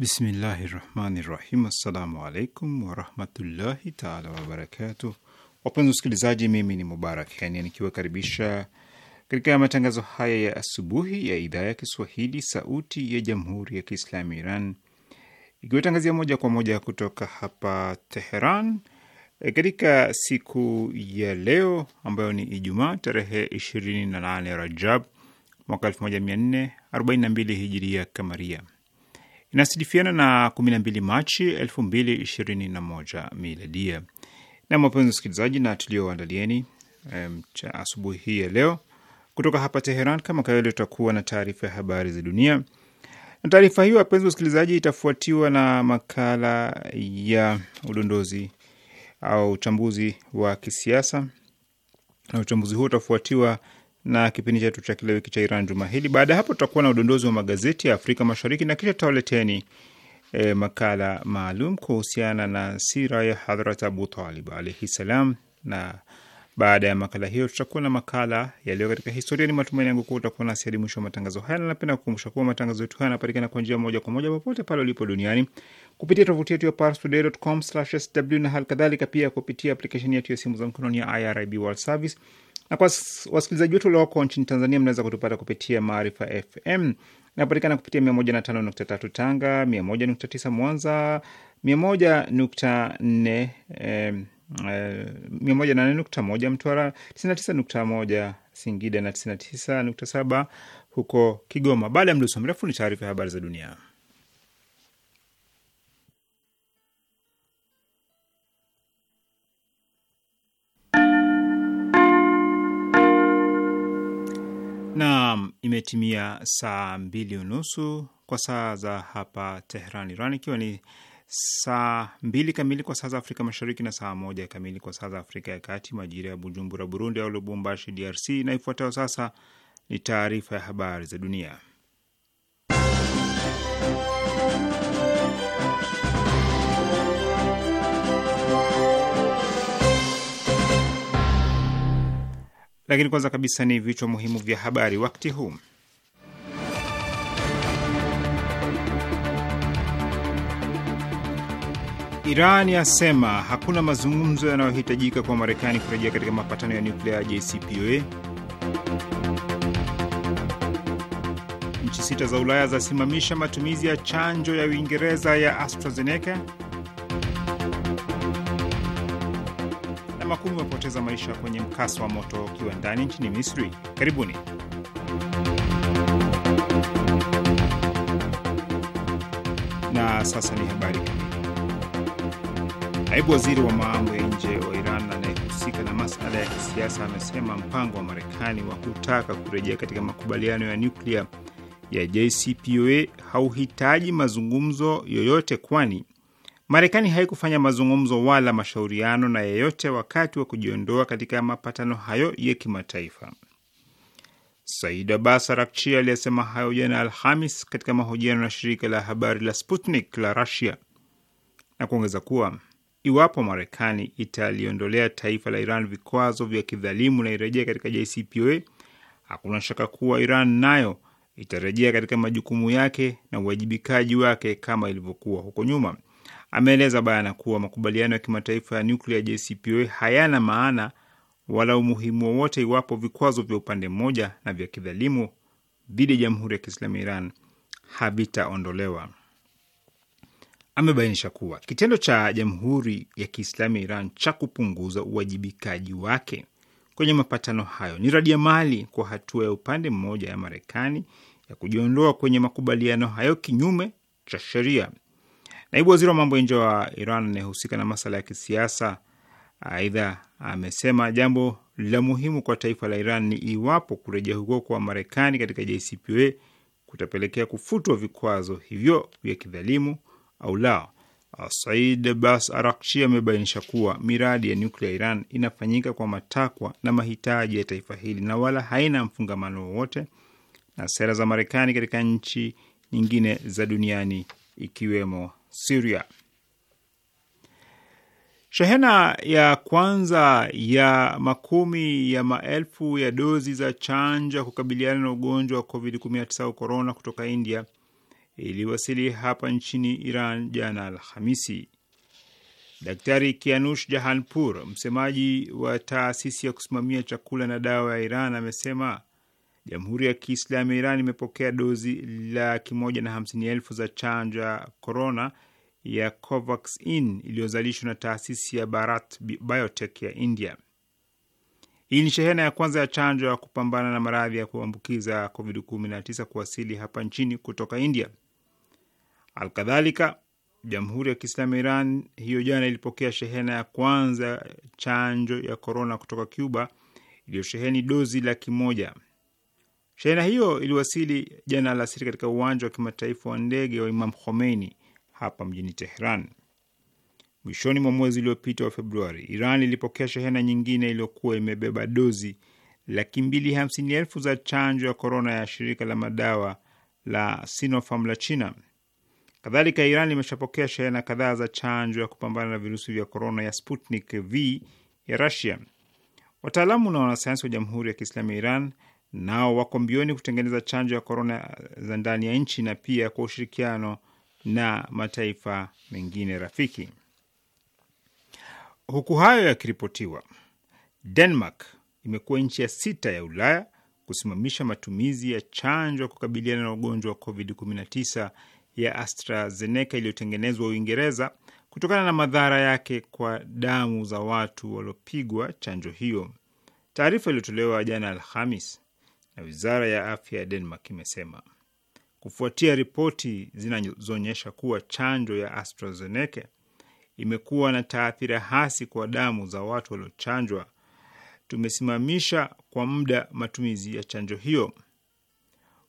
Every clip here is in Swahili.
Bismillahi rahmani rahim. Assalamu alaikum warahmatullahi taala wabarakatuh. Wapenzi wasikilizaji, mimi ni Mubarak yani nikiwakaribisha katika matangazo haya ya asubuhi ya idhaa ya Kiswahili Sauti ya Jamhuri ya Kiislamu Iran ikiwatangazia moja kwa moja kutoka hapa Teheran e, katika siku ya leo ambayo ni Ijumaa tarehe 28 Rajab mwaka 1442 hijiria kamaria inasidifiana na 12 Machi 2021 miladia. Na wapenzi wasikilizaji, na tulioandalieni um, asubuhi hii ya leo kutoka hapa Teheran, kama kawaida, tutakuwa na taarifa ya habari za dunia, na taarifa hiyo wapenzi wasikilizaji, itafuatiwa na makala ya udondozi au uchambuzi wa kisiasa, na uchambuzi huo utafuatiwa na kipindi chetu cha kila wiki cha Iran juma hili. Baada ya hapo, tutakuwa na udondozi wa magazeti ya Afrika Mashariki na kisha tutawaleteni e, makala maalum kuhusiana na sira ya Hadhrat Abu Talib alaihi salam, na baada ya makala hiyo tutakuwa na makala yaliyo katika historia. Ni matumaini yangu kuwa utakuwa nasi hadi mwisho wa matangazo haya, na napenda kukumbusha kuwa matangazo yetu haya yanapatikana kwa njia moja kwa moja popote pale ulipo duniani kupitia tovuti yetu ya parstoday.com/sw na hali kadhalika pia kupitia aplikesheni yetu ya simu za mkononi ya IRIB World Service na kwa wasikilizaji wetu walioko nchini Tanzania, mnaweza kutupata kupitia Maarifa FM, inapatikana kupitia 105.3 Tanga, 101.9 Mwanza, 101.4 eh, 108.1 Mtwara, 99.1 Singida na 99.7 huko Kigoma. Baada ya mdoso mrefu ni taarifa ya habari za dunia. Naam, imetimia saa mbili unusu kwa saa za hapa Tehran, Iran, ikiwa ni saa mbili kamili kwa saa za Afrika Mashariki na saa moja kamili kwa saa za Afrika ya Kati, majira ya Bujumbura, Burundi, au Lubumbashi, DRC. Na ifuatayo sasa ni taarifa ya habari za dunia. Lakini kwanza kabisa ni vichwa muhimu vya habari wakati huu. Iran yasema hakuna mazungumzo yanayohitajika kwa Marekani kurejea katika mapatano ya nyuklia ya JCPOA. Nchi sita za Ulaya zasimamisha matumizi ya chanjo ya Uingereza ya AstraZeneca. wataalamu kumi wamepoteza maisha kwenye mkasa wa moto ndani nchini Misri. Karibuni. Na sasa ni habari kamili. Naibu waziri wa mambo ya nje wa Iran anayehusika na masala ya kisiasa amesema mpango wa Marekani wa kutaka kurejea katika makubaliano ya nyuklia ya JCPOA hauhitaji mazungumzo yoyote, kwani Marekani haikufanya mazungumzo wala mashauriano na yeyote wakati wa kujiondoa katika mapatano hayo ya kimataifa. Said Abbas Arakchi aliyesema hayo jana Alhamis katika mahojiano na shirika la habari la Sputnik la Rusia na kuongeza kuwa iwapo Marekani italiondolea taifa la Iran vikwazo vya kidhalimu na irejea katika JCPOA, hakuna shaka kuwa Iran nayo itarejea katika majukumu yake na uwajibikaji wake kama ilivyokuwa huko nyuma ameeleza bayana kuwa makubaliano ya kimataifa ya nuklia JCPOA hayana maana wala umuhimu wowote iwapo vikwazo vya upande mmoja na vya kidhalimu dhidi ya Jamhuri ya Kiislamu ya Iran havitaondolewa. Amebainisha kuwa kitendo cha Jamhuri ya Kiislamu ya Iran cha kupunguza uwajibikaji wake kwenye mapatano hayo ni radi ya mali kwa hatua ya upande mmoja ya Marekani ya kujiondoa kwenye makubaliano hayo kinyume cha sheria. Naibu waziri wa mambo ya nje wa Iran anayehusika na masala ya kisiasa aidha amesema jambo la muhimu kwa taifa la Iran ni iwapo kurejea huko kwa Marekani katika JCPOA kutapelekea kufutwa vikwazo hivyo vya kidhalimu au la. Said bas Arakchi amebainisha kuwa miradi ya nyuklia ya Iran inafanyika kwa matakwa na mahitaji ya taifa hili na wala haina mfungamano wowote na sera za Marekani katika nchi nyingine za duniani ikiwemo Siria. Shehena ya kwanza ya makumi ya maelfu ya dozi za chanjo ya kukabiliana na ugonjwa wa COVID-19 au korona kutoka India iliwasili hapa nchini Iran jana Alhamisi. Daktari Kianush Jahanpur, msemaji wa taasisi ya kusimamia chakula na dawa ya Iran, amesema Jamhuri ya Kiislamu ya Iran imepokea dozi laki moja na hamsini elfu za chanjo ya korona ya Covaxin iliyozalishwa na taasisi ya Bharat Biotech ya India. Hii ni shehena ya kwanza ya chanjo ya kupambana na maradhi ya kuambukiza COVID-19 kuwasili hapa nchini kutoka India. Alkadhalika, Jamhuri ya Kiislamu ya Iran hiyo jana ilipokea shehena ya kwanza chanjo ya korona kutoka Cuba iliyosheheni dozi laki moja. Shehena hiyo iliwasili jana alasiri katika uwanja wa kimataifa wa ndege wa Imam Khomeini hapa mjini Teheran. Mwishoni mwa mwezi uliopita wa Februari, Iran ilipokea shehena nyingine iliyokuwa imebeba dozi laki mbili hamsini elfu za chanjo ya korona ya shirika la madawa la Sinopharm la China. Kadhalika, Iran imeshapokea shehena kadhaa za chanjo ya kupambana na virusi vya korona ya Sputnik V ya Rusia. Wataalamu na wanasayansi wa Jamhuri ya Kiislamu ya Iran nao wako mbioni kutengeneza chanjo ya korona za ndani ya nchi na pia kwa ushirikiano na mataifa mengine rafiki. Huku hayo yakiripotiwa, Denmark imekuwa nchi ya sita ya Ulaya kusimamisha matumizi ya chanjo ya kukabiliana na ugonjwa wa COVID-19 ya AstraZeneca iliyotengenezwa Uingereza kutokana na madhara yake kwa damu za watu waliopigwa chanjo hiyo. Taarifa iliyotolewa jana Alhamis na wizara ya afya ya Denmark imesema kufuatia ripoti zinazoonyesha kuwa chanjo ya AstraZeneca imekuwa na taathira hasi kwa damu za watu waliochanjwa, tumesimamisha kwa muda matumizi ya chanjo hiyo.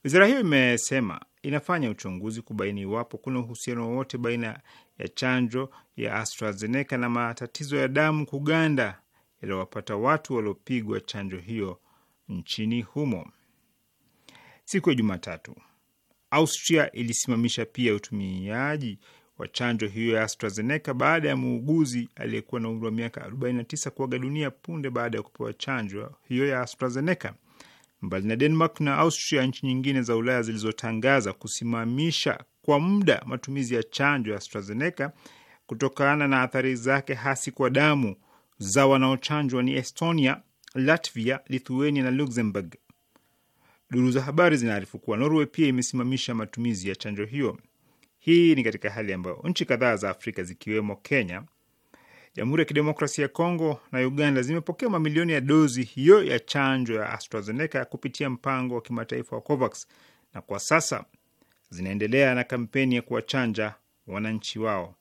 Wizara hiyo imesema inafanya uchunguzi kubaini iwapo kuna uhusiano wowote baina ya chanjo ya AstraZeneca na matatizo ya damu kuganda yaliyowapata watu waliopigwa chanjo hiyo nchini humo. Siku ya Jumatatu, Austria ilisimamisha pia utumiaji wa chanjo hiyo ya AstraZeneca baada ya muuguzi aliyekuwa na umri wa miaka 49 kuaga dunia punde baada ya kupewa chanjo hiyo ya AstraZeneca. Mbali na Denmark na Austria, nchi nyingine za Ulaya zilizotangaza kusimamisha kwa muda matumizi ya chanjo ya AstraZeneca kutokana na athari zake hasi kwa damu za wanaochanjwa ni Estonia, Latvia, Lithuania na Luxembourg. Duru za habari zinaarifu kuwa Norway pia imesimamisha matumizi ya chanjo hiyo. Hii ni katika hali ambayo nchi kadhaa za Afrika zikiwemo Kenya, Jamhuri ya Kidemokrasia ya Kongo na Uganda zimepokea mamilioni ya dozi hiyo ya chanjo ya AstraZeneca kupitia mpango wa kimataifa wa COVAX na kwa sasa zinaendelea na kampeni ya kuwachanja wananchi wao,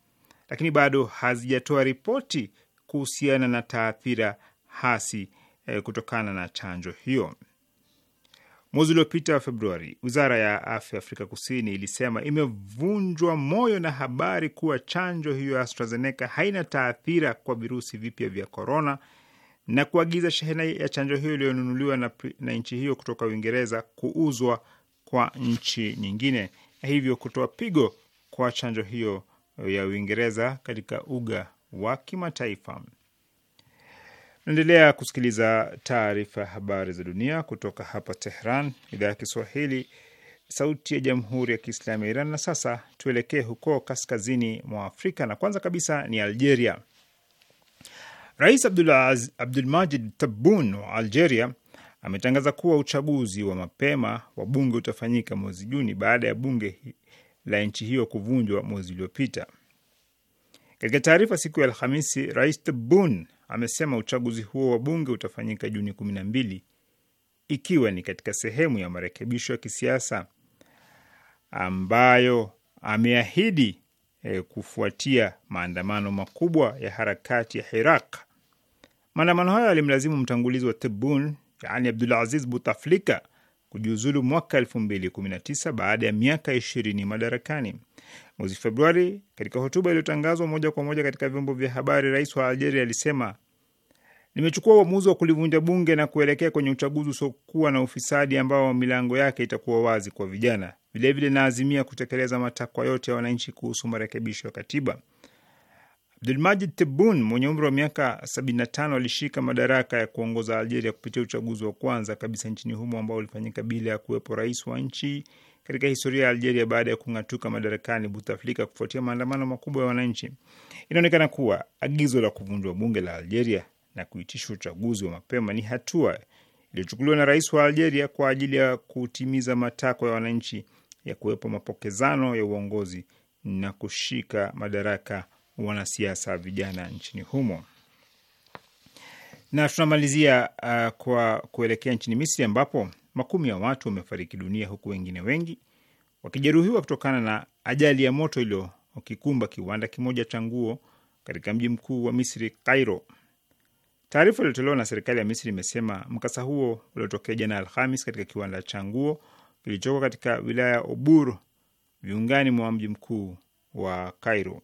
lakini bado hazijatoa ripoti kuhusiana na taathira hasi eh, kutokana na chanjo hiyo. Mwezi uliopita wa Februari, wizara ya afya Afrika Kusini ilisema imevunjwa moyo na habari kuwa chanjo hiyo ya AstraZeneca haina taathira kwa virusi vipya vya korona na kuagiza shehena ya chanjo hiyo iliyonunuliwa na, na nchi hiyo kutoka Uingereza kuuzwa kwa nchi nyingine na hivyo kutoa pigo kwa chanjo hiyo ya Uingereza katika uga wa kimataifa. Naendelea kusikiliza taarifa ya habari za dunia kutoka hapa Tehran, idhaa ya Kiswahili, sauti ya jamhuri ya kiislamu ya Iran. Na sasa tuelekee huko kaskazini mwa Afrika, na kwanza kabisa ni Algeria. Rais Abdulmajid Tabun wa Algeria ametangaza kuwa uchaguzi wa mapema wa bunge utafanyika mwezi Juni baada ya bunge la nchi hiyo kuvunjwa mwezi uliopita. Katika taarifa siku ya Alhamisi, Rais Tabun amesema uchaguzi huo wa bunge utafanyika Juni kumi na mbili ikiwa ni katika sehemu ya marekebisho ya kisiasa ambayo ameahidi e, kufuatia maandamano makubwa ya harakati ya hiraq Maandamano hayo yalimlazimu mtangulizi wa Tibun yani Abdulaziz Butaflika kujiuzulu mwaka elfu mbili kumi na tisa baada ya miaka ishirini madarakani. Mwezi Februari, katika hotuba iliyotangazwa moja kwa moja katika vyombo vya habari, rais wa Algeria alisema nimechukua uamuzi wa kulivunja bunge na kuelekea kwenye uchaguzi usiokuwa na ufisadi ambao milango yake itakuwa wazi kwa vijana. Vilevile naazimia kutekeleza matakwa yote ya wananchi kuhusu marekebisho ya katiba. Abdulmajid Tebboune mwenye umri wa miaka 75 alishika madaraka ya kuongoza Algeria kupitia uchaguzi wa kwanza kabisa nchini humo ambao ulifanyika bila ya kuwepo rais wa nchi katika historia ya Algeria baada ya kung'atuka madarakani Buteflika kufuatia maandamano makubwa ya wananchi. Inaonekana kuwa agizo la kuvunjwa bunge la Algeria na kuitishwa uchaguzi wa mapema ni hatua iliyochukuliwa na rais wa Algeria kwa ajili ya kutimiza matakwa ya wananchi ya kuwepo mapokezano ya uongozi na kushika madaraka wanasiasa vijana nchini humo. Na tunamalizia uh, kwa kuelekea nchini Misri ambapo makumi ya watu wamefariki dunia huku wengine wengi wakijeruhiwa kutokana na ajali ya moto iliyokikumba kiwanda kimoja cha nguo katika mji mkuu wa Misri, Cairo. Taarifa iliyotolewa na serikali ya Misri imesema mkasa huo uliotokea jana Alhamis katika kiwanda cha nguo kilichoko katika wilaya ya Obur, viungani mwa mji mkuu wa Cairo.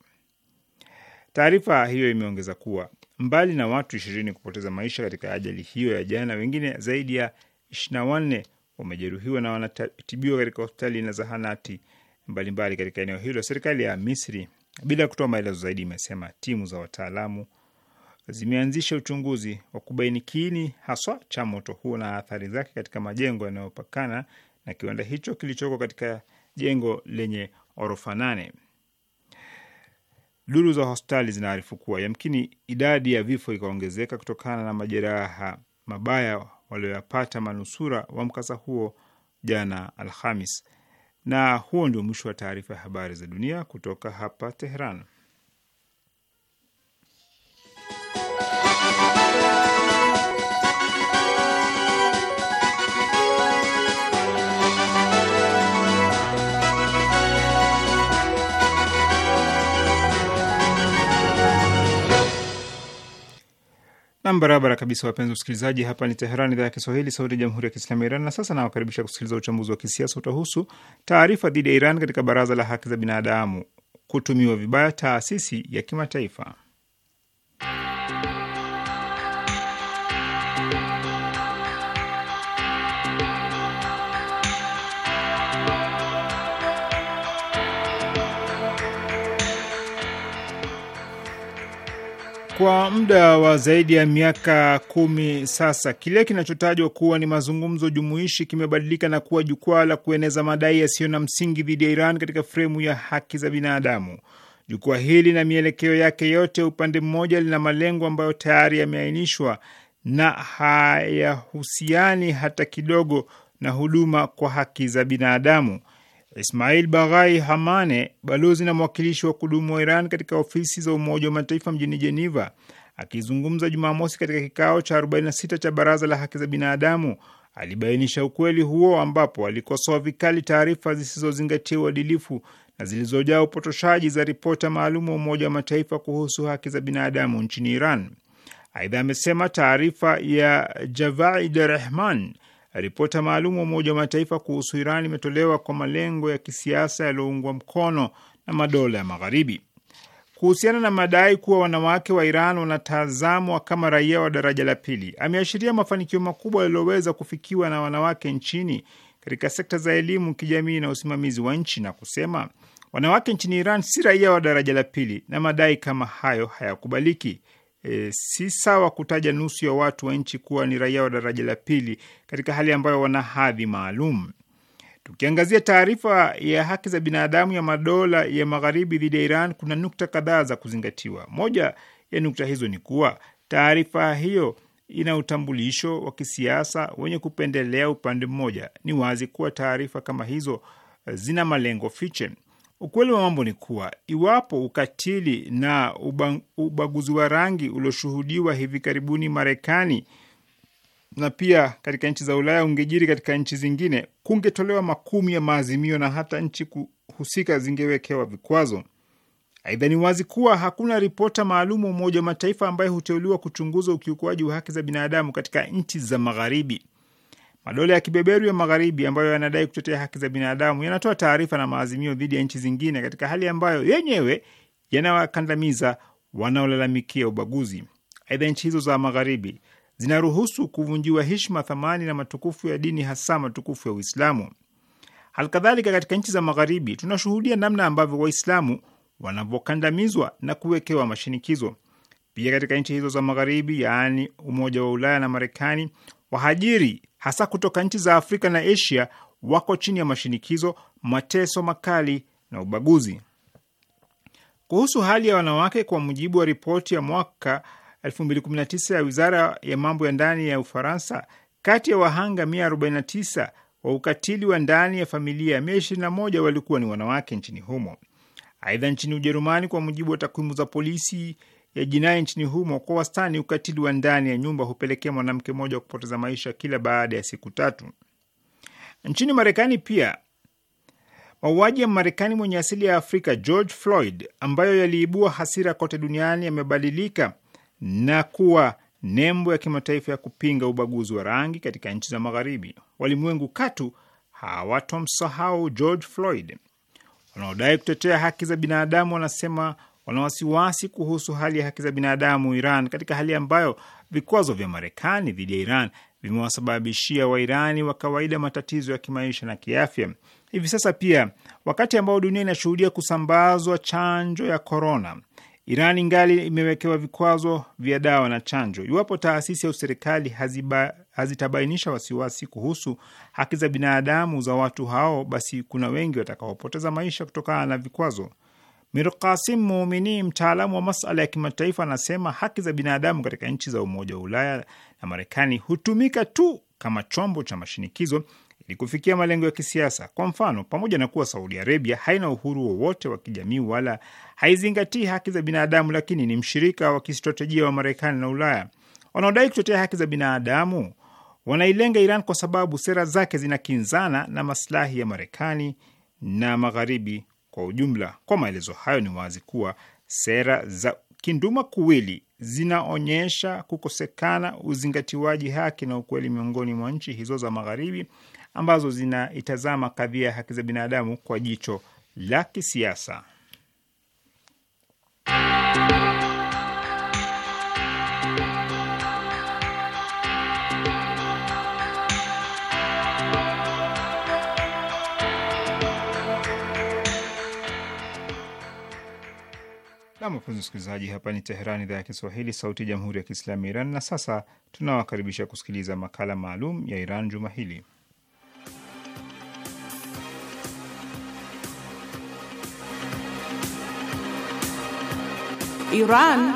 Taarifa hiyo imeongeza kuwa mbali na watu ishirini kupoteza maisha katika ajali hiyo ya jana, wengine zaidi ya 24 wamejeruhiwa na wanatibiwa katika hospitali na zahanati mbalimbali katika eneo hilo. Serikali ya Misri, bila kutoa maelezo zaidi, imesema timu za wataalamu zimeanzisha uchunguzi wa kubaini kiini haswa cha moto huo na athari zake katika majengo yanayopakana na kiwanda hicho kilichoko katika jengo lenye orofa nane. Duru za hospitali zinaarifu kuwa yamkini idadi ya vifo ikaongezeka kutokana na majeraha mabaya walioyapata manusura wa mkasa huo jana Alhamis. Na huo ndio mwisho wa taarifa ya habari za dunia kutoka hapa Teheran. Nam barabara kabisa, wapenzi wasikilizaji, hapa ni Teheran, idhaa ya Kiswahili, sauti ya jamhuri ya kiislamu ya Iran. Na sasa nawakaribisha kusikiliza uchambuzi wa kisiasa. Utahusu taarifa dhidi ya Iran katika baraza la haki za binadamu, kutumiwa vibaya taasisi ya kimataifa Kwa muda wa zaidi ya miaka kumi sasa, kile kinachotajwa kuwa ni mazungumzo jumuishi kimebadilika na kuwa jukwaa la kueneza madai yasiyo na msingi dhidi ya Iran katika fremu ya haki za binadamu. Jukwaa hili na mielekeo yake yote upande mmoja lina malengo ambayo tayari yameainishwa na hayahusiani hata kidogo na huduma kwa haki za binadamu. Ismail Baghai Hamane, balozi na mwakilishi wa kudumu wa Iran katika ofisi za Umoja wa Mataifa mjini Jeneva, akizungumza Jumamosi katika kikao cha 46 cha Baraza la Haki za Binadamu alibainisha ukweli huo, ambapo alikosoa vikali taarifa zisizozingatia uadilifu na zilizojaa upotoshaji za ripota maalum wa Umoja wa Mataifa kuhusu haki za binadamu nchini Iran. Aidha amesema taarifa ya Javaid Rehman Ripota maalum wa Umoja wa Mataifa kuhusu Iran imetolewa kwa malengo ya kisiasa yaliyoungwa mkono na madola ya Magharibi. Kuhusiana na madai kuwa wanawake wa Iran wanatazamwa kama raia wa daraja la pili, ameashiria mafanikio makubwa yaliyoweza kufikiwa na wanawake nchini katika sekta za elimu, kijamii na usimamizi wa nchi na kusema wanawake nchini Iran si raia wa daraja la pili na madai kama hayo hayakubaliki e, si sawa kutaja nusu ya watu wa nchi kuwa ni raia wa daraja la pili katika hali ambayo wana hadhi maalum. Tukiangazia taarifa ya haki za binadamu ya madola ya magharibi dhidi ya Iran, kuna nukta kadhaa za kuzingatiwa. Moja ya nukta hizo ni kuwa taarifa hiyo ina utambulisho wa kisiasa wenye kupendelea upande mmoja. Ni wazi kuwa taarifa kama hizo zina malengo fiche. Ukweli wa mambo ni kuwa iwapo ukatili na ubaguzi wa rangi ulioshuhudiwa hivi karibuni Marekani na pia katika nchi za Ulaya ungejiri katika nchi zingine, kungetolewa makumi ya maazimio na hata nchi husika zingewekewa vikwazo. Aidha, ni wazi kuwa hakuna ripota maalum wa Umoja wa Mataifa ambaye huteuliwa kuchunguza ukiukwaji wa haki za binadamu katika nchi za Magharibi. Madola ya kibeberu ya Magharibi ambayo yanadai kutetea haki za binadamu yanatoa taarifa na maazimio dhidi ya nchi zingine katika hali ambayo yenyewe yanawakandamiza wanaolalamikia ubaguzi. Aidha, nchi hizo za Magharibi zinaruhusu kuvunjiwa heshima, thamani na matukufu ya dini, hasa matukufu ya Uislamu. Halikadhalika, katika nchi za Magharibi tunashuhudia namna ambavyo Waislamu wanavyokandamizwa na kuwekewa mashinikizo. Pia katika nchi hizo za Magharibi, yaani Umoja wa Ulaya na Marekani, Wahajiri hasa kutoka nchi za Afrika na Asia wako chini ya mashinikizo, mateso makali na ubaguzi. Kuhusu hali ya wanawake, kwa mujibu wa ripoti ya mwaka 2019 ya wizara ya mambo ya ndani ya Ufaransa, kati ya wahanga 149 wa ukatili wa ndani ya familia 121 walikuwa ni wanawake nchini humo. Aidha, nchini Ujerumani, kwa mujibu wa takwimu za polisi ya jinai nchini humo. Kwa wastani, ukatili wa ndani ya nyumba hupelekea mwanamke mmoja wa kupoteza maisha kila baada ya siku tatu. Nchini Marekani pia mauaji ya Marekani mwenye asili ya Afrika George Floyd ambayo yaliibua hasira kote duniani yamebadilika na kuwa nembo ya kimataifa ya kupinga ubaguzi wa rangi katika nchi za Magharibi. Walimwengu katu hawatomsahau George Floyd. Wanaodai kutetea haki za binadamu wanasema wana wasiwasi kuhusu hali ya haki za binadamu Iran, katika hali ambayo vikwazo vya Marekani dhidi ya Iran vimewasababishia Wairani wa kawaida matatizo ya kimaisha na kiafya. Hivi sasa pia, wakati ambao dunia inashuhudia kusambazwa chanjo ya korona, Iran ingali imewekewa vikwazo vya dawa na chanjo. Iwapo taasisi au serikali hazitabainisha wasiwasi kuhusu haki za binadamu za watu hao, basi kuna wengi watakaopoteza maisha kutokana na vikwazo. Mirkasim Muumini, mtaalamu wa masala ya kimataifa, anasema haki za binadamu katika nchi za Umoja wa Ulaya na Marekani hutumika tu kama chombo cha mashinikizo ili kufikia malengo ya kisiasa. Kwa mfano, pamoja na kuwa Saudi Arabia haina uhuru wowote wa, wa kijamii wala haizingatii haki za binadamu, lakini ni mshirika wa kistratejia wa Marekani na Ulaya. Wanaodai kutetea haki za binadamu wanailenga Iran kwa sababu sera zake zinakinzana na maslahi ya Marekani na Magharibi kwa ujumla. Kwa maelezo hayo, ni wazi kuwa sera za kinduma kuwili zinaonyesha kukosekana uzingatiwaji haki na ukweli miongoni mwa nchi hizo za Magharibi ambazo zinaitazama kadhia ya haki za binadamu kwa jicho la kisiasa. mpenzi msikilizaji, hapa ni Teheran, idhaa ya Kiswahili, sauti ya jamhuri ya kiislamu ya Iran. Na sasa tunawakaribisha kusikiliza makala maalum ya Iran juma hili, Iran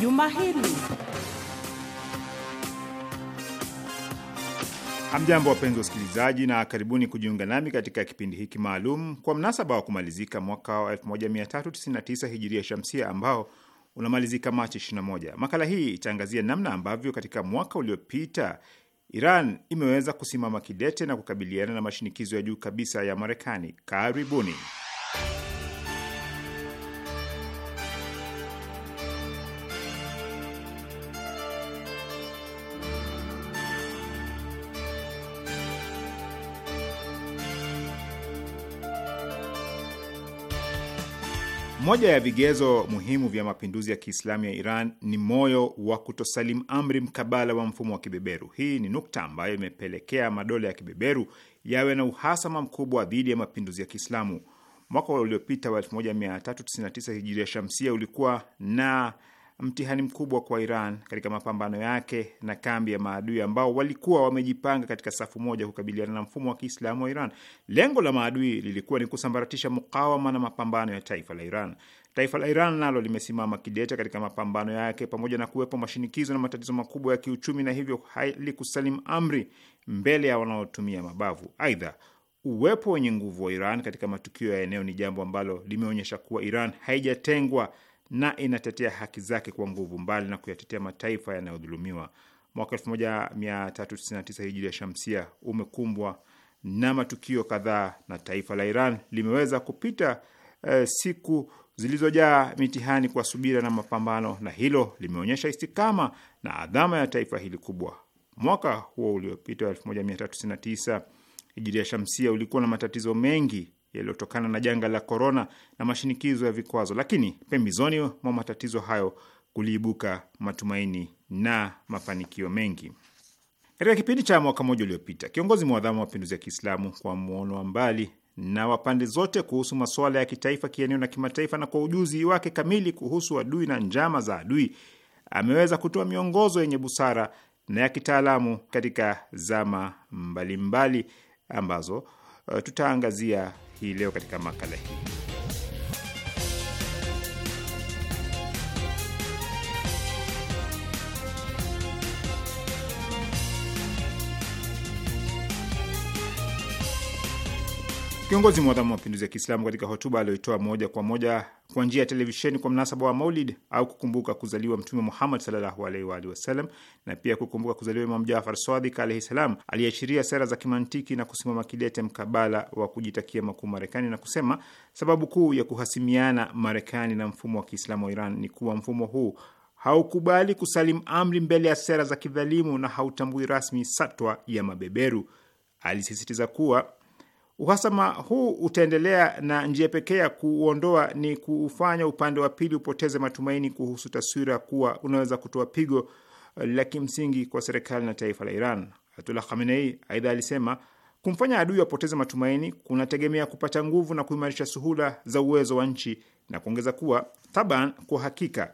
juma hili. Hamjambo, wapenzi wasikilizaji, na karibuni kujiunga nami katika kipindi hiki maalum kwa mnasaba wa kumalizika mwaka wa 1399 hijiria shamsia ambao unamalizika Machi 21. Makala hii itaangazia namna ambavyo katika mwaka uliopita Iran imeweza kusimama kidete na kukabiliana na mashinikizo ya juu kabisa ya Marekani. Karibuni. Moja ya vigezo muhimu vya mapinduzi ya Kiislamu ya Iran ni moyo wa kutosalimu amri mkabala wa mfumo wa kibeberu. Hii ni nukta ambayo imepelekea madola ya kibeberu yawe na uhasama mkubwa dhidi ya mapinduzi ya Kiislamu. Mwaka uliopita wa 1399 hijiria shamsia ulikuwa na mtihani mkubwa kwa Iran katika mapambano yake na kambi ya maadui ambao walikuwa wamejipanga katika safu moja kukabiliana na mfumo wa Kiislamu wa Iran. Lengo la maadui lilikuwa ni kusambaratisha mukawama na mapambano ya taifa la Iran. Taifa la Iran nalo limesimama kidete katika mapambano yake pamoja na kuwepo mashinikizo na matatizo makubwa ya kiuchumi, na hivyo kusalim amri mbele ya wanaotumia mabavu. Aidha, uwepo wenye nguvu wa Iran katika matukio ya eneo ni jambo ambalo limeonyesha kuwa Iran haijatengwa na inatetea haki zake kwa nguvu, mbali na kuyatetea mataifa yanayodhulumiwa. Mwaka 1399 hijiri ya shamsia umekumbwa na matukio kadhaa, na taifa la Iran limeweza kupita eh, siku zilizojaa mitihani kwa subira na mapambano, na hilo limeonyesha istikama na adhama ya taifa hili kubwa. Mwaka huo uliopita 1399 hijiri ya shamsia ulikuwa na matatizo mengi yaliyotokana na janga la korona na mashinikizo ya vikwazo, lakini pembezoni mwa matatizo hayo kuliibuka matumaini na mafanikio mengi. Katika kipindi cha mwaka mmoja uliopita, kiongozi mwadhamu wa mapinduzi ya Kiislamu kwa mwono wa mbali na wa pande zote kuhusu masuala ya kitaifa, kieneo na kimataifa, na kwa ujuzi wake kamili kuhusu adui na njama za adui, ameweza kutoa miongozo yenye busara na ya kitaalamu katika zama mbalimbali mbali ambazo eh, tutaangazia hii leo katika makala hii. Kiongozi mwadhamu wa mapinduzi ya Kiislamu katika hotuba aliyoitoa moja kwa moja kwa njia ya televisheni kwa mnasaba wa Maulid au kukumbuka kuzaliwa Mtume Muhammad sallallahu alaihi wa alihi wasallam na pia kukumbuka kuzaliwa Imam Jafar Swadik alaihi salam, aliashiria sera za kimantiki na kusimama kidete mkabala wa kujitakia makuu Marekani na kusema sababu kuu ya kuhasimiana Marekani na mfumo wa Kiislamu wa Iran ni kuwa mfumo huu haukubali kusalimu amri mbele ya sera za kidhalimu na hautambui rasmi satwa ya mabeberu. Alisisitiza kuwa Uhasama huu utaendelea na njia pekee ya kuuondoa ni kuufanya upande wa pili upoteze matumaini kuhusu taswira kuwa unaweza kutoa pigo la kimsingi kwa serikali na taifa la Iran. Ayatullah Khamenei aidha alisema kumfanya adui apoteze matumaini kunategemea kupata nguvu na kuimarisha suhula za uwezo wa nchi, na kuongeza kuwa taban, kwa hakika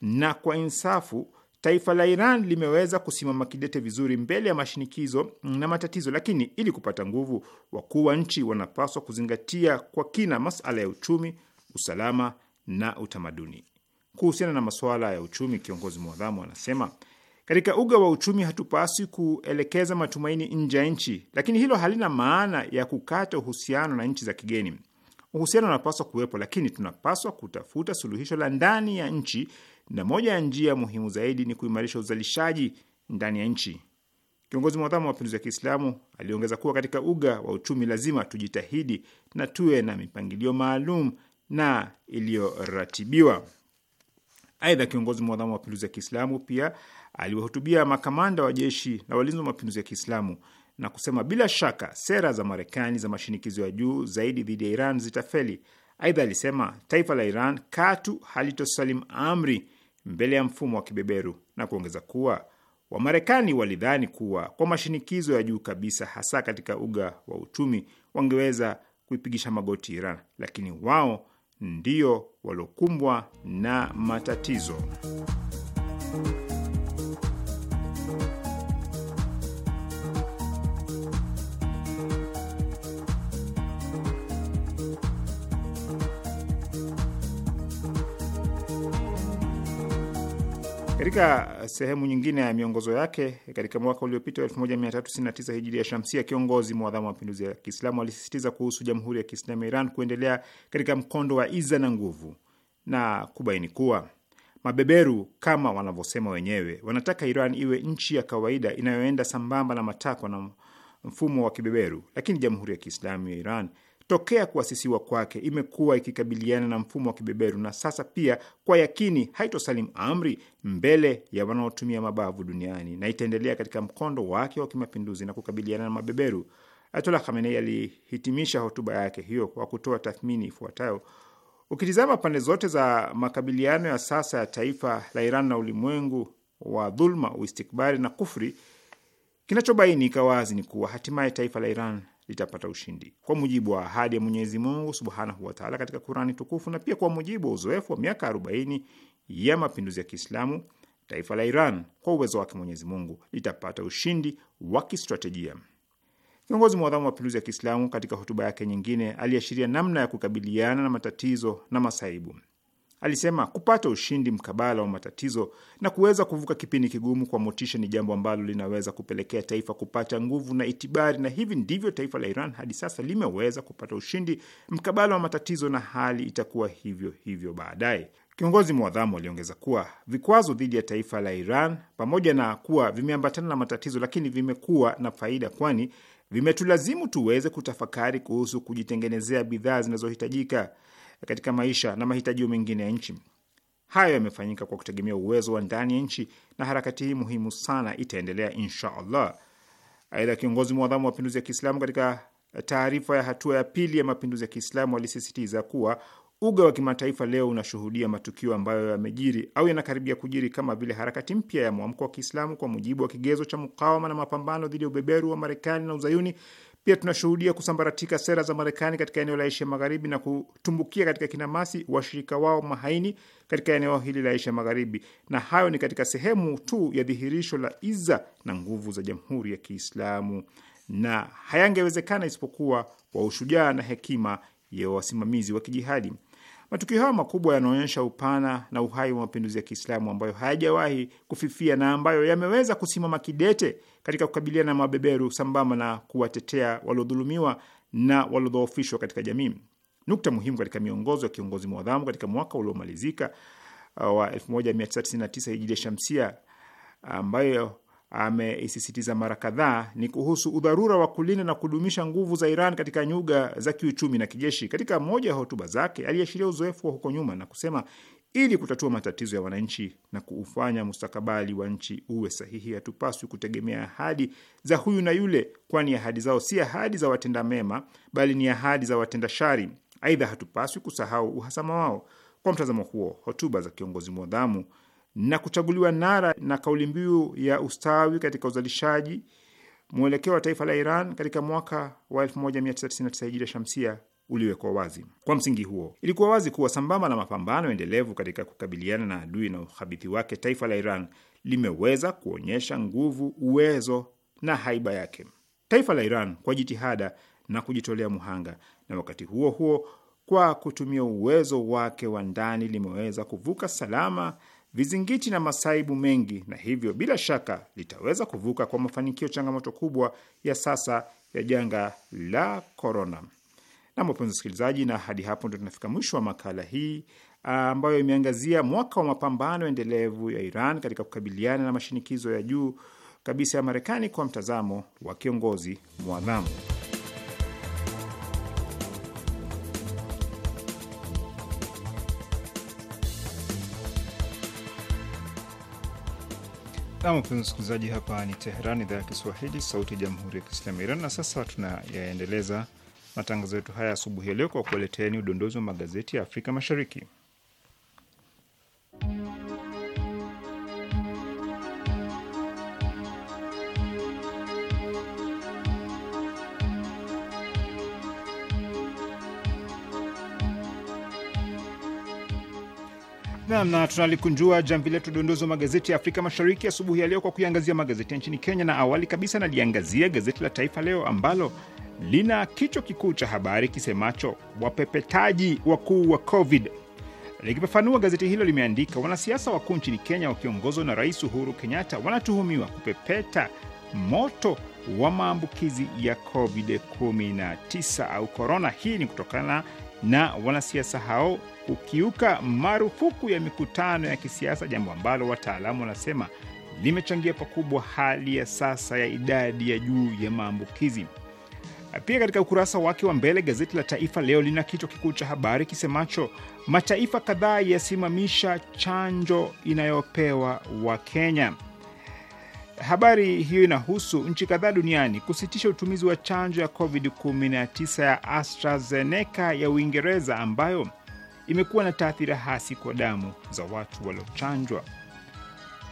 na kwa insafu, taifa la Iran limeweza kusimama kidete vizuri mbele ya mashinikizo na matatizo, lakini ili kupata nguvu, wakuu wa nchi wanapaswa kuzingatia kwa kina masala ya uchumi, usalama na utamaduni. Kuhusiana na masuala ya uchumi, kiongozi mwadhamu anasema katika uga wa uchumi hatupaswi kuelekeza matumaini nje ya nchi, lakini hilo halina maana ya kukata uhusiano na nchi za kigeni. Uhusiano unapaswa kuwepo, lakini tunapaswa kutafuta suluhisho la ndani ya nchi na moja ya njia muhimu zaidi ni kuimarisha uzalishaji ndani ya nchi. Kiongozi mwadhamu wa mapinduzi ya Kiislamu aliongeza kuwa katika uga wa uchumi lazima tujitahidi na tuwe na mipangilio maalum na iliyoratibiwa. Aidha, kiongozi mwadhamu wa mapinduzi ya Kiislamu pia aliwahutubia makamanda wa jeshi na walinzi wa mapinduzi ya Kiislamu na kusema bila shaka sera za Marekani za mashinikizo ya juu zaidi dhidi ya Iran zitafeli. Aidha, alisema taifa la Iran katu halitosalim amri mbele ya mfumo wa kibeberu na kuongeza kuwa Wamarekani walidhani kuwa kwa mashinikizo ya juu kabisa, hasa katika uga wa uchumi, wangeweza kuipigisha magoti Iran, lakini wao ndio waliokumbwa na matatizo. Katika uh, sehemu nyingine ya miongozo yake katika mwaka uliopita 1399 hijiri ya shamsia, kiongozi mwadhamu wa mapinduzi ya Kiislamu alisisitiza kuhusu jamhuri ya Kiislamu ya Iran kuendelea katika mkondo wa iza na nguvu na kubaini kuwa mabeberu kama wanavyosema wenyewe wanataka Iran iwe nchi ya kawaida inayoenda sambamba na matakwa na mfumo wa kibeberu, lakini jamhuri ya Kiislamu ya Iran Tokea kuasisiwa kwake imekuwa ikikabiliana na mfumo wa kibeberu na sasa pia kwa yakini haitosalimu amri mbele ya wanaotumia mabavu duniani na itaendelea katika mkondo wake wa kimapinduzi na kukabiliana na mabeberu. Ayatollah Khamenei alihitimisha hotuba yake hiyo kwa kutoa tathmini ifuatayo: ukitizama pande zote za makabiliano ya sasa ya taifa la Iran na ulimwengu wa dhuluma, uistikbari na kufri, kinachobainika wazi ni kuwa hatimaye taifa la Iran litapata ushindi kwa mujibu wa ahadi ya Mwenyezi Mungu subhanahu wataala katika Kurani tukufu na pia kwa mujibu wa uzoefu wa miaka 40 ya mapinduzi ya Kiislamu, taifa la Iran kwa uwezo wake Mwenyezi Mungu litapata ushindi wa kistratejia. Kiongozi mwadhamu wa mapinduzi ya Kiislamu katika hotuba yake nyingine aliashiria namna ya kukabiliana na matatizo na masaibu Alisema kupata ushindi mkabala wa matatizo na kuweza kuvuka kipindi kigumu kwa motisha ni jambo ambalo linaweza kupelekea taifa kupata nguvu na itibari, na hivi ndivyo taifa la Iran hadi sasa limeweza kupata ushindi mkabala wa matatizo, na hali itakuwa hivyo hivyo baadaye. Kiongozi mwadhamu aliongeza kuwa vikwazo dhidi ya taifa la Iran, pamoja na kuwa vimeambatana na matatizo, lakini vimekuwa na faida, kwani vimetulazimu tuweze kutafakari kuhusu kujitengenezea bidhaa zinazohitajika katika maisha na mahitaji mengine ya nchi. Hayo yamefanyika kwa kutegemea uwezo wa ndani ya nchi na harakati hii muhimu sana itaendelea insha Allah. Aidha, kiongozi mwadhamu wa mapinduzi ya Kiislamu katika taarifa ya hatua ya pili ya mapinduzi ya Kiislamu alisisitiza kuwa uga wa kimataifa leo unashuhudia matukio ambayo yamejiri au yanakaribia kujiri kama vile harakati mpya ya mwamko wa Kiislamu kwa mujibu wa kigezo cha mukawama na mapambano dhidi ya ubeberu wa Marekani na Uzayuni pia tunashuhudia kusambaratika sera za Marekani katika eneo la Asia Magharibi na kutumbukia katika kinamasi washirika wao mahaini katika eneo hili la Asia Magharibi, na hayo ni katika sehemu tu ya dhihirisho la iza na nguvu za Jamhuri ya Kiislamu, na hayangewezekana isipokuwa kwa ushujaa na hekima ya wasimamizi wa kijihadi. Matukio hayo makubwa yanaonyesha upana na uhai wa mapinduzi ya Kiislamu ambayo hayajawahi kufifia na ambayo yameweza kusimama kidete katika kukabiliana na mabeberu sambamba na kuwatetea waliodhulumiwa na waliodhoofishwa katika jamii. Nukta muhimu katika miongozo ya kiongozi mwadhamu katika mwaka uliomalizika uh, wa 1999 hijiria shamsia ambayo ameisisitiza mara kadhaa ni kuhusu udharura wa kulinda na kudumisha nguvu za Iran katika nyuga za kiuchumi na kijeshi. Katika moja ya hotuba zake, aliashiria uzoefu wa huko nyuma na kusema ili kutatua matatizo ya wananchi na kuufanya mustakabali wa nchi uwe sahihi, hatupaswi kutegemea ahadi za huyu na yule, kwani ahadi zao si ahadi za watenda mema, bali ni ahadi za watenda shari. Aidha, hatupaswi kusahau uhasama wao. Kwa mtazamo huo, hotuba za kiongozi mwadhamu na kuchaguliwa nara na kauli mbiu ya ustawi katika uzalishaji, mwelekeo wa taifa la Iran katika mwaka wa 1999 hijria shamsia uliwekwa wazi. Kwa msingi huo, ilikuwa wazi kuwa sambamba na mapambano endelevu katika kukabiliana na adui na uhabithi wake, taifa la Iran limeweza kuonyesha nguvu, uwezo na haiba yake. Taifa la Iran kwa jitihada na kujitolea muhanga, na wakati huo huo kwa kutumia uwezo wake wa ndani limeweza kuvuka salama vizingiti na masaibu mengi, na hivyo bila shaka litaweza kuvuka kwa mafanikio changamoto kubwa ya sasa ya janga la korona. Na wapenzi wasikilizaji, na hadi hapo ndo tunafika mwisho wa makala hii ambayo imeangazia mwaka wa mapambano endelevu ya Iran katika kukabiliana na mashinikizo ya juu kabisa ya Marekani kwa mtazamo wa kiongozi mwadhamu. Mpenzi msikilizaji, hapa ni Teheran, idhaa ya Kiswahili, sauti ya jamhuri ya kiislamu ya Iran. Na sasa tunayaendeleza matangazo yetu haya asubuhi ya leo kwa kuwaleteeni udondozi wa magazeti ya Afrika Mashariki. nam, na tunalikunjua jamvi letu dondozi wa magazeti ya Afrika Mashariki asubuhi ya, leo kwa kuiangazia magazeti ya nchini Kenya, na awali kabisa naliangazia gazeti la Taifa Leo ambalo lina kichwa kikuu cha habari kisemacho wapepetaji wakuu wa Covid. Likifafanua, gazeti hilo limeandika wanasiasa wakuu nchini Kenya wakiongozwa na Rais Uhuru Kenyatta wanatuhumiwa kupepeta moto wa maambukizi ya Covid 19 au korona. Hii ni kutokana na wanasiasa hao kukiuka marufuku ya mikutano ya kisiasa, jambo ambalo wataalamu wanasema limechangia pakubwa hali ya sasa ya idadi ya juu ya maambukizi. Pia katika ukurasa wake wa mbele gazeti la Taifa Leo lina kichwa kikuu cha habari kisemacho mataifa kadhaa yasimamisha chanjo inayopewa Wakenya. Habari hiyo inahusu nchi kadhaa duniani kusitisha utumizi wa chanjo ya COVID-19 ya AstraZeneca ya Uingereza ambayo imekuwa na taathira hasi kwa damu za watu waliochanjwa.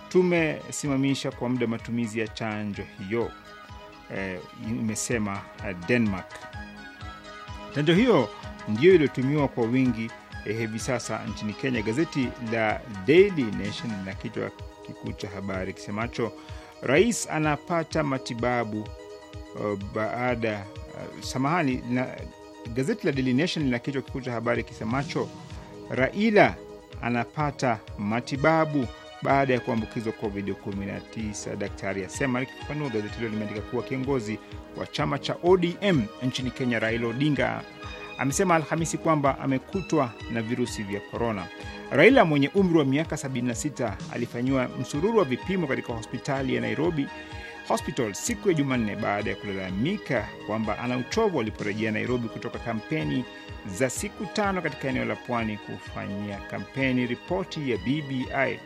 Tumesimamisha kwa muda matumizi ya chanjo hiyo, e, imesema eh, Denmark. Chanjo hiyo ndiyo iliyotumiwa kwa wingi eh, hivi sasa nchini Kenya. Gazeti la Daily Nation na kichwa kikuu cha habari kisemacho Rais anapata matibabu uh, baada uh, samahani na, gazeti la Daily Nation lina kichwa kikuu cha habari kisemacho Raila anapata matibabu baada ya kuambukizwa COVID-19, daktari asema. Likifafanua, gazeti hilo limeandika kuwa kiongozi wa chama cha ODM nchini Kenya Raila Odinga amesema Alhamisi kwamba amekutwa na virusi vya korona. Raila mwenye umri wa miaka 76 alifanyiwa msururu wa vipimo katika hospitali ya Nairobi Hospital siku ya Jumanne baada ya kulalamika kwamba ana uchovu aliporejea Nairobi kutoka kampeni za siku tano katika eneo la pwani kufanyia kampeni. Ripoti ya BBI,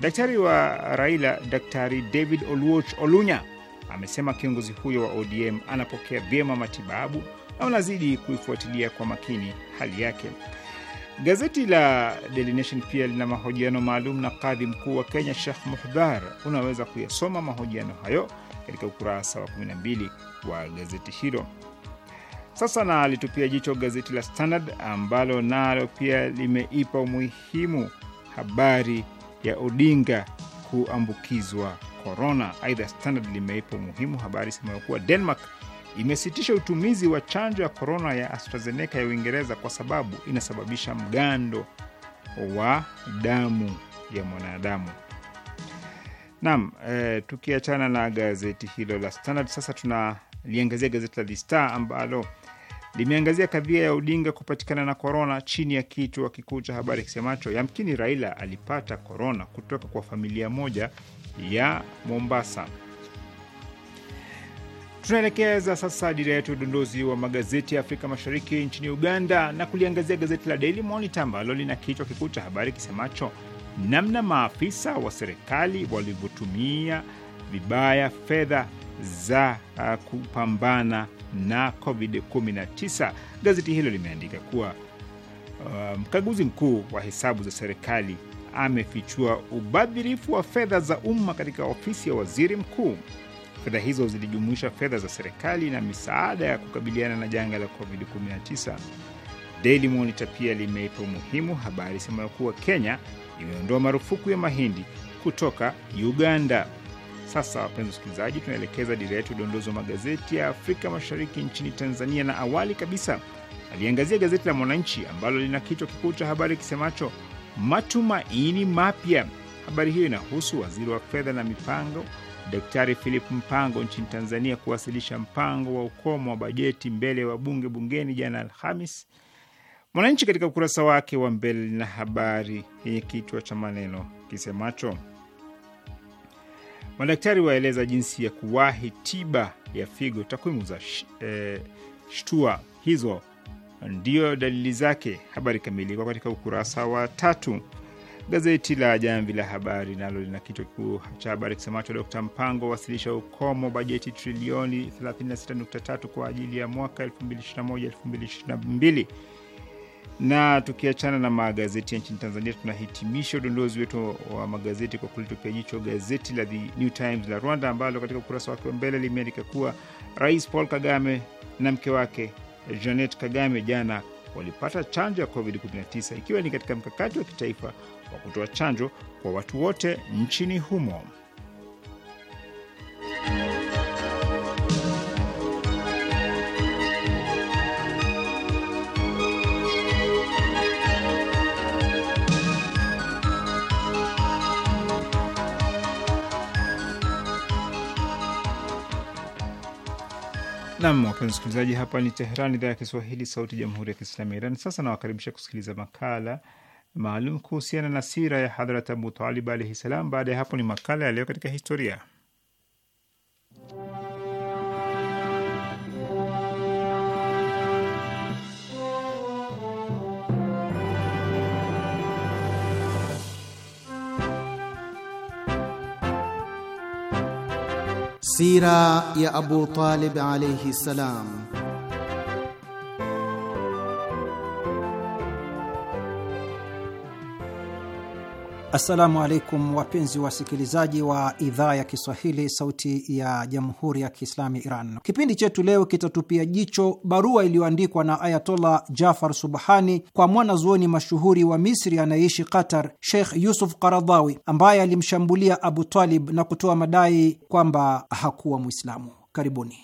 daktari wa Raila Daktari David Oluoch Olunya amesema kiongozi huyo wa ODM anapokea vyema matibabu na wanazidi kuifuatilia kwa makini hali yake. Gazeti la Daily Nation pia lina mahojiano maalum na kadhi mkuu wa Kenya Sheikh Muhdhar. Unaweza kuyasoma mahojiano hayo katika ukurasa wa 12 wa gazeti hilo. Sasa na alitupia jicho gazeti la Standard ambalo nalo pia limeipa umuhimu habari ya Odinga kuambukizwa korona. Aidha, Standard limeipa umuhimu habari semayo kuwa Denmark imesitisha utumizi wa chanjo ya korona ya AstraZeneca ya Uingereza kwa sababu inasababisha mgando wa damu ya mwanadamu. Naam, e, tukiachana na gazeti hilo la Standard, sasa tunaliangazia gazeti la The Star ambalo limeangazia kadhia ya Odinga kupatikana na korona chini ya kichwa kikuu cha habari kisemacho yamkini Raila alipata korona kutoka kwa familia moja ya Mombasa. Tunaelekeza sasa dira yetu ya udondozi wa magazeti ya Afrika Mashariki nchini Uganda na kuliangazia gazeti la Daily Monitor ambalo lina kichwa kikuu cha habari kisemacho namna maafisa wa serikali walivyotumia vibaya fedha za uh, kupambana na COVID-19. Gazeti hilo limeandika kuwa uh, mkaguzi mkuu wa hesabu za serikali amefichua ubadhirifu wa fedha za umma katika ofisi ya waziri mkuu. Fedha hizo zilijumuisha fedha za serikali na misaada ya kukabiliana na janga la COVID-19. Daily Monitor pia limeipa umuhimu habari sema kuwa Kenya imeondoa marufuku ya mahindi kutoka Uganda. Sasa wapenzi wasikilizaji, tunaelekeza dira yetu udondozi wa magazeti ya Afrika Mashariki nchini Tanzania, na awali kabisa aliangazia gazeti la Mwananchi ambalo lina kichwa kikuu cha habari kisemacho matumaini mapya. Habari hiyo inahusu waziri wa fedha na mipango Daktari Philip Mpango nchini Tanzania kuwasilisha mpango wa ukomo wa bajeti mbele ya wabunge bungeni jana Alhamis. Mwananchi katika ukurasa wake wa mbele lina habari yenye kichwa cha maneno kisemacho madaktari waeleza jinsi ya kuwahi tiba ya figo. Takwimu za sh, eh, shtua hizo ndiyo dalili zake. Habari kamili kwa katika ukurasa wa tatu. Gazeti la Jamvi la Habari nalo lina kichwa kikuu cha habari kisemacho Dkt Mpango wasilisha ukomo bajeti trilioni 36.3 kwa ajili ya mwaka 2021/2022. Na tukiachana na magazeti ya nchini Tanzania, tunahitimisha udondozi wetu wa magazeti kwa kulitupia jicho gazeti la The New Times la Rwanda ambalo katika ukurasa wake wa mbele limeandika kuwa Rais Paul Kagame na mke wake Janet Kagame jana walipata chanjo ya COVID-19 ikiwa ni katika mkakati wa kitaifa wa kutoa chanjo kwa watu wote nchini humo. Nam, wapenzi wasikilizaji, hapa ni Teheran, idhaa ya Kiswahili, sauti ya jamhuri ya kiislamu ya Iran. Sasa nawakaribisha kusikiliza makala maalum kuhusiana na sira ya Hadhrat Abu Talib alaihi salam. Baada ya hapo ni makala yaliyo katika historia سيرة يا أبو طالب عليه السلام Assalamu alaikum wapenzi wasikilizaji wa idhaa ya Kiswahili, sauti ya jamhuri ya kiislamu ya Iran. Kipindi chetu leo kitatupia jicho barua iliyoandikwa na Ayatollah Jafar Subhani kwa mwanazuoni mashuhuri wa Misri anayeishi Qatar, Sheikh Yusuf Qaradhawi, ambaye alimshambulia Abu Talib na kutoa madai kwamba hakuwa Mwislamu. Karibuni.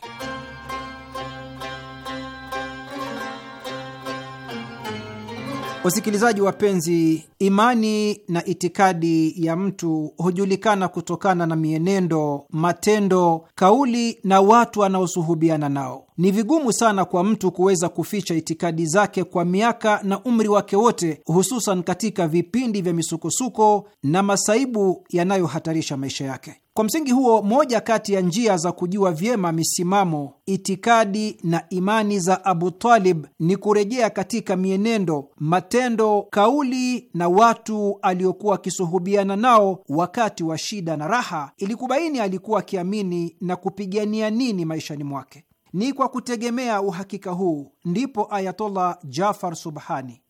Wasikilizaji wapenzi, imani na itikadi ya mtu hujulikana kutokana na mienendo, matendo, kauli na watu anaosuhubiana nao. Ni vigumu sana kwa mtu kuweza kuficha itikadi zake kwa miaka na umri wake wote, hususan katika vipindi vya misukosuko na masaibu yanayohatarisha maisha yake. Kwa msingi huo, moja kati ya njia za kujua vyema misimamo, itikadi na imani za Abu Talib ni kurejea katika mienendo, matendo, kauli na watu aliokuwa akisuhubiana nao wakati wa shida na raha, ili kubaini alikuwa akiamini na kupigania nini maishani mwake. Ni kwa kutegemea uhakika huu ndipo Ayatollah Jafar Subhani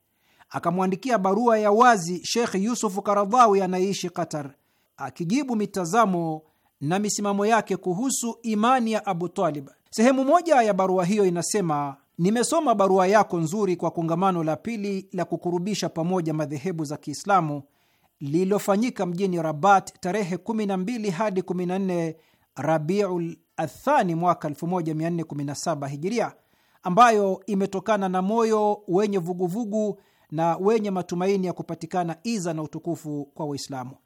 akamwandikia barua ya wazi Sheikh Yusufu Karadhawi anayeishi Qatar, akijibu mitazamo na misimamo yake kuhusu imani ya Abu Talib. Sehemu moja ya barua hiyo inasema: nimesoma barua yako nzuri kwa kongamano la pili la kukurubisha pamoja madhehebu za Kiislamu lililofanyika mjini Rabat tarehe 12 hadi 14 Rabiul Athani mwaka 1417 Hijiria, ambayo imetokana na moyo wenye vuguvugu vugu na wenye matumaini ya kupatikana iza na utukufu kwa Waislamu.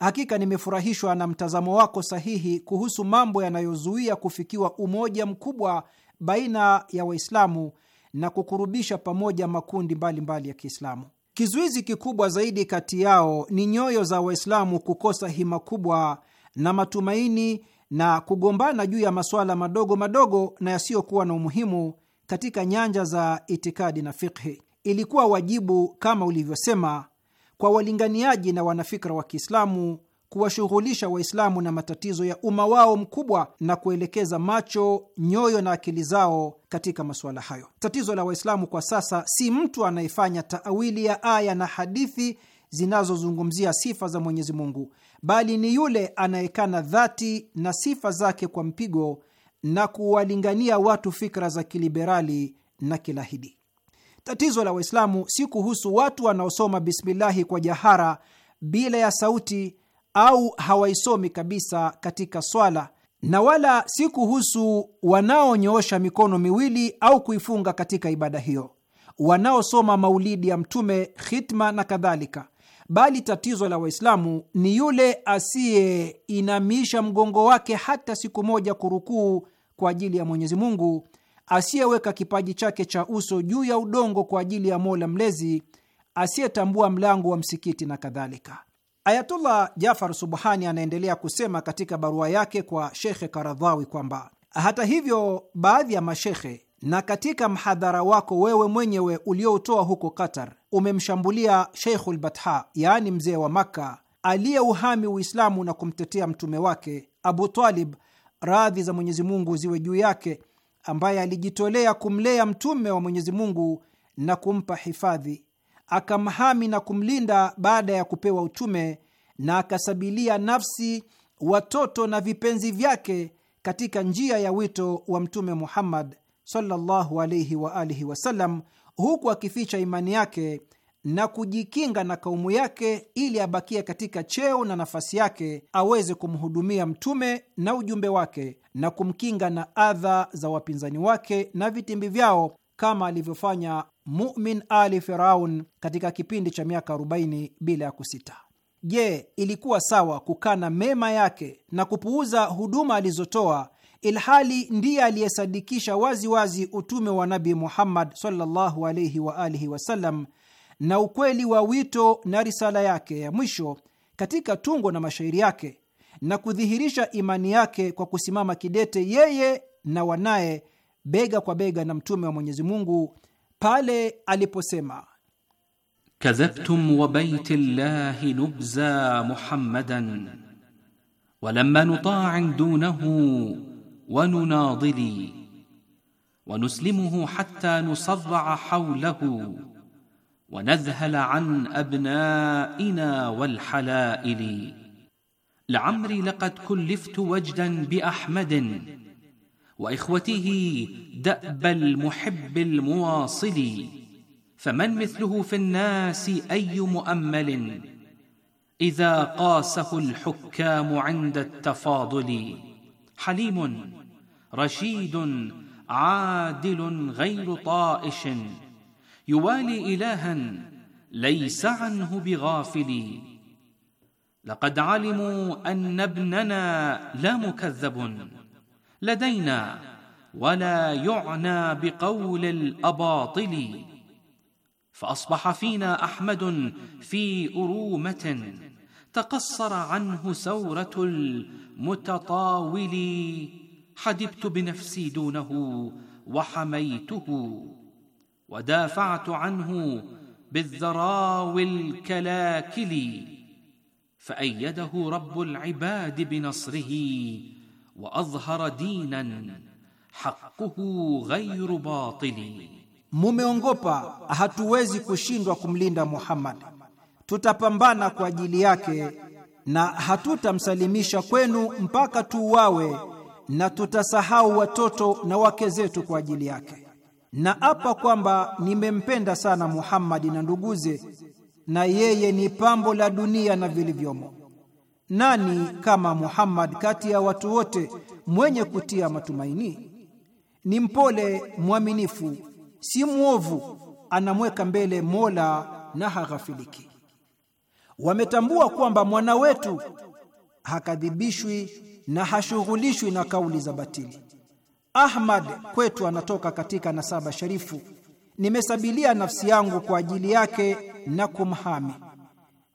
Hakika nimefurahishwa na mtazamo wako sahihi kuhusu mambo yanayozuia kufikiwa umoja mkubwa baina ya Waislamu na kukurubisha pamoja makundi mbalimbali mbali ya Kiislamu. Kizuizi kikubwa zaidi kati yao ni nyoyo za Waislamu kukosa hima kubwa na matumaini na kugombana juu ya masuala madogo madogo na yasiyokuwa na umuhimu katika nyanja za itikadi na fikhi. Ilikuwa wajibu, kama ulivyosema, kwa walinganiaji na wanafikra wa Kiislamu kuwashughulisha Waislamu na matatizo ya umma wao mkubwa na kuelekeza macho, nyoyo na akili zao katika masuala hayo. Tatizo la Waislamu kwa sasa si mtu anayefanya taawili ya aya na hadithi zinazozungumzia sifa za Mwenyezi Mungu, bali ni yule anayekana dhati na sifa zake kwa mpigo na kuwalingania watu fikra za kiliberali na kilahidi. Tatizo la Waislamu si kuhusu watu wanaosoma bismillahi kwa jahara bila ya sauti au hawaisomi kabisa katika swala, na wala si kuhusu wanaonyoosha mikono miwili au kuifunga katika ibada hiyo, wanaosoma maulidi ya Mtume, khitma na kadhalika bali tatizo la Waislamu ni yule asiyeinamisha mgongo wake hata siku moja kurukuu kwa ajili ya Mwenyezi Mungu, asiyeweka kipaji chake cha uso juu ya udongo kwa ajili ya Mola Mlezi, asiyetambua mlango wa msikiti na kadhalika. Ayatullah Jafar Subhani anaendelea kusema katika barua yake kwa Shekhe Karadhawi kwamba hata hivyo, baadhi ya mashekhe na katika mhadhara wako wewe mwenyewe ulioutoa huko Qatar umemshambulia Sheikhul Batha, yaani mzee wa Makka aliyeuhami Uislamu na kumtetea mtume wake Abu Talib, radhi za Mwenyezi Mungu ziwe juu yake, ambaye alijitolea kumlea mtume wa Mwenyezi Mungu na kumpa hifadhi, akamhami na kumlinda baada ya kupewa utume, na akasabilia nafsi, watoto na vipenzi vyake katika njia ya wito wa Mtume Muhammad sallallahu alayhi wa alihi wasallam, huku akificha imani yake na kujikinga na kaumu yake ili abakie katika cheo na nafasi yake aweze kumhudumia mtume na ujumbe wake na kumkinga na adha za wapinzani wake na vitimbi vyao kama alivyofanya mumin ali Firaun katika kipindi cha miaka 40 bila ya kusita. Je, ilikuwa sawa kukana mema yake na kupuuza huduma alizotoa ilhali ndiye aliyesadikisha waziwazi utume wa Nabi Muhammad sallallahu alaihi wa alihi wasallam na ukweli wa wito na risala yake ya mwisho katika tungo na mashairi yake na kudhihirisha imani yake kwa kusimama kidete yeye na wanaye bega kwa bega na mtume wa Mwenyezi Mungu pale aliposema: kadhabtum wa baiti llahi nubza muhammadan nutain dunahu ونناضلي ونسلمه حتى نصرع حوله ونذهل عن أبنائنا والحلائل لعمري لقد كلفت وجدا بأحمد وإخوته دأب المحب المواصل فمن مثله في الناس أي مؤمل إذا قاسه الحكام عند التفاضل حليم رشيد عادل غير طائش يوالي إلها ليس عنه بغافل لقد علموا أن ابننا لا مكذب لدينا ولا يعنى بقول الأباطل فأصبح فينا أحمد في أرومة تقصر عنه سورة المتطاول حدبت بنفسي دونه وحميته ودافعت عنه بالذراوي الكلاكل فأيده رب العباد بنصره وأظهر دينا حقه غير باطل mumeongopa hatuwezi kushindwa kumlinda محمد tutapambana kwa ajili yake na hatutamsalimisha kwenu mpaka tuuawe, na tutasahau watoto na wake zetu kwa ajili yake. Na apa kwamba nimempenda sana Muhammadi na nduguze, na yeye ni pambo la dunia na vilivyomo. Nani kama Muhammad kati ya watu wote mwenye kutia matumaini? Ni mpole mwaminifu, si mwovu, anamweka mbele Mola na haghafiliki wametambua kwamba mwana wetu hakadhibishwi na hashughulishwi na kauli za batili. Ahmad kwetu anatoka katika nasaba sharifu. Nimesabilia nafsi yangu kwa ajili yake na kumhami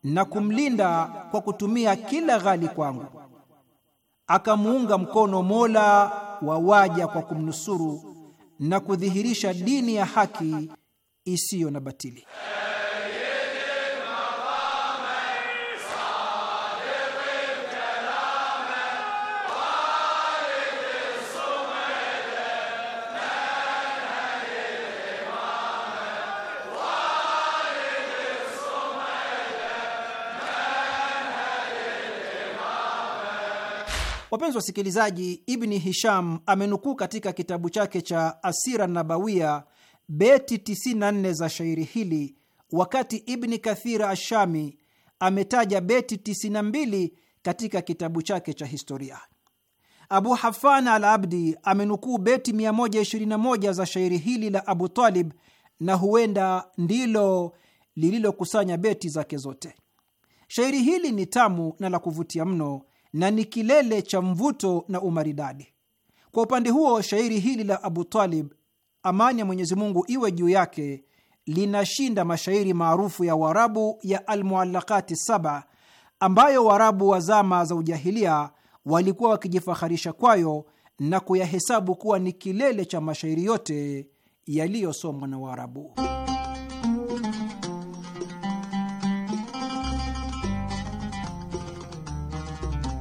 na kumlinda kwa kutumia kila ghali kwangu. Akamuunga mkono Mola wa waja kwa kumnusuru na kudhihirisha dini ya haki isiyo na batili. Wapenzi wasikilizaji, Ibni Hisham amenukuu katika kitabu chake cha Asira Nabawiya beti 94 za shairi hili, wakati Ibni Kathira Ashami ametaja beti 92 katika kitabu chake cha historia. Abu Hafan al Abdi amenukuu beti 121 za shairi hili la Abu Talib, na huenda ndilo lililokusanya beti zake zote. Shairi hili ni tamu na la kuvutia mno na ni kilele cha mvuto na umaridadi. Kwa upande huo, shairi hili la Abu Talib, amani ya Mwenyezi Mungu iwe juu yake, linashinda mashairi maarufu ya warabu ya Almuallakati Saba ambayo Waarabu wa zama za ujahilia walikuwa wakijifaharisha kwayo na kuyahesabu kuwa ni kilele cha mashairi yote yaliyosomwa na Waarabu.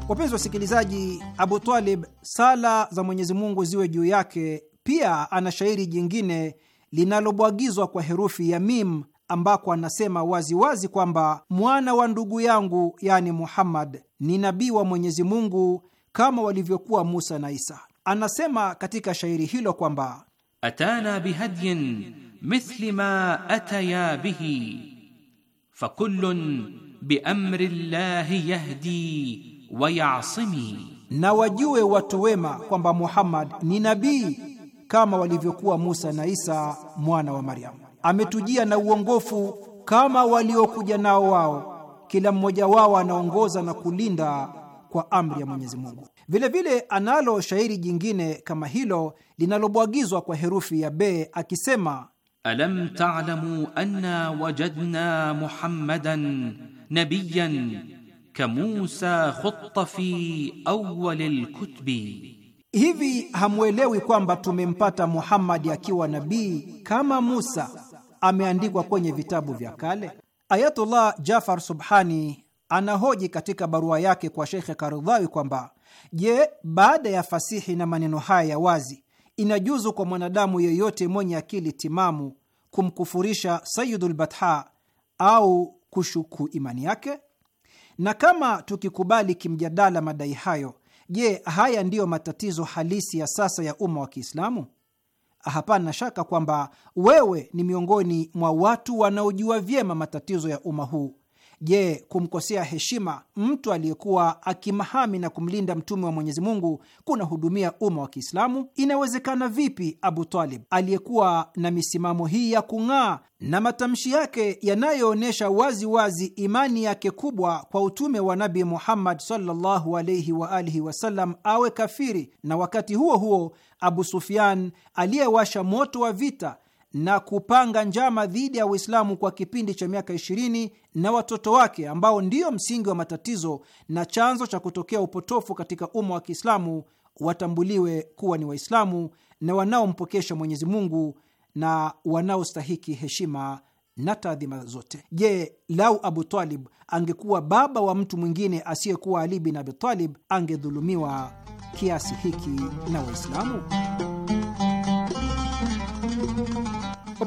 Wapenzi wasikilizaji, Abu Talib, sala za Mwenyezi Mungu ziwe juu yake, pia ana shairi jingine linalobwagizwa kwa herufi ya mim ambako anasema waziwazi wazi kwamba mwana wa ndugu yangu yani Muhammad ni nabii wa Mwenyezi Mungu kama walivyokuwa Musa na Isa. Anasema katika shairi hilo kwamba atana bihadyin mithli ma ataya bihi fakullun biamri llahi yahdi wayasimi, na wajue watu wema kwamba Muhammad ni nabii kama walivyokuwa Musa na Isa mwana wa Maryamu. Ametujia na uongofu kama waliokuja nao wao, kila mmoja wao anaongoza na kulinda kwa amri ya Mwenyezi Mungu. Vilevile analo shairi jingine kama hilo linalobwagizwa kwa herufi ya be akisema: alam ta'lamu anna wajadna muhammadan nabiyan kamusa khutta fi awwal alkutbi, hivi hamwelewi kwamba tumempata Muhammadi akiwa nabii kama Musa ameandikwa kwenye vitabu vya kale? Ayatullah Jafar Subhani anahoji katika barua yake kwa Sheikh Karudhawi kwamba je, baada ya fasihi na maneno haya ya wazi inajuzu kwa mwanadamu yeyote mwenye akili timamu kumkufurisha Sayidul Batha au kushuku imani yake? Na kama tukikubali kimjadala madai hayo, je, haya ndiyo matatizo halisi ya sasa ya umma wa Kiislamu? Hapana shaka kwamba wewe ni miongoni mwa watu wanaojua vyema matatizo ya umma huu Je, kumkosea heshima mtu aliyekuwa akimhami na kumlinda mtume wa Mwenyezi Mungu kunahudumia umma wa Kiislamu? Inawezekana vipi Abu Talib aliyekuwa na misimamo hii ya kung'aa na matamshi yake yanayoonyesha wazi wazi imani yake kubwa kwa utume wa Nabi Muhammad sallallahu alaihi wa alihi wasallam awe kafiri, na wakati huo huo Abu Sufyan aliyewasha moto wa vita na kupanga njama dhidi ya Uislamu kwa kipindi cha miaka 20 na watoto wake ambao ndiyo msingi wa matatizo na chanzo cha kutokea upotofu katika umma wa Kiislamu watambuliwe kuwa ni Waislamu na wanaompokesha Mwenyezi Mungu na wanaostahiki heshima na taadhima zote. Je, lau Abu Talib angekuwa baba wa mtu mwingine asiyekuwa Ali bin Abi Talib, angedhulumiwa kiasi hiki na Waislamu?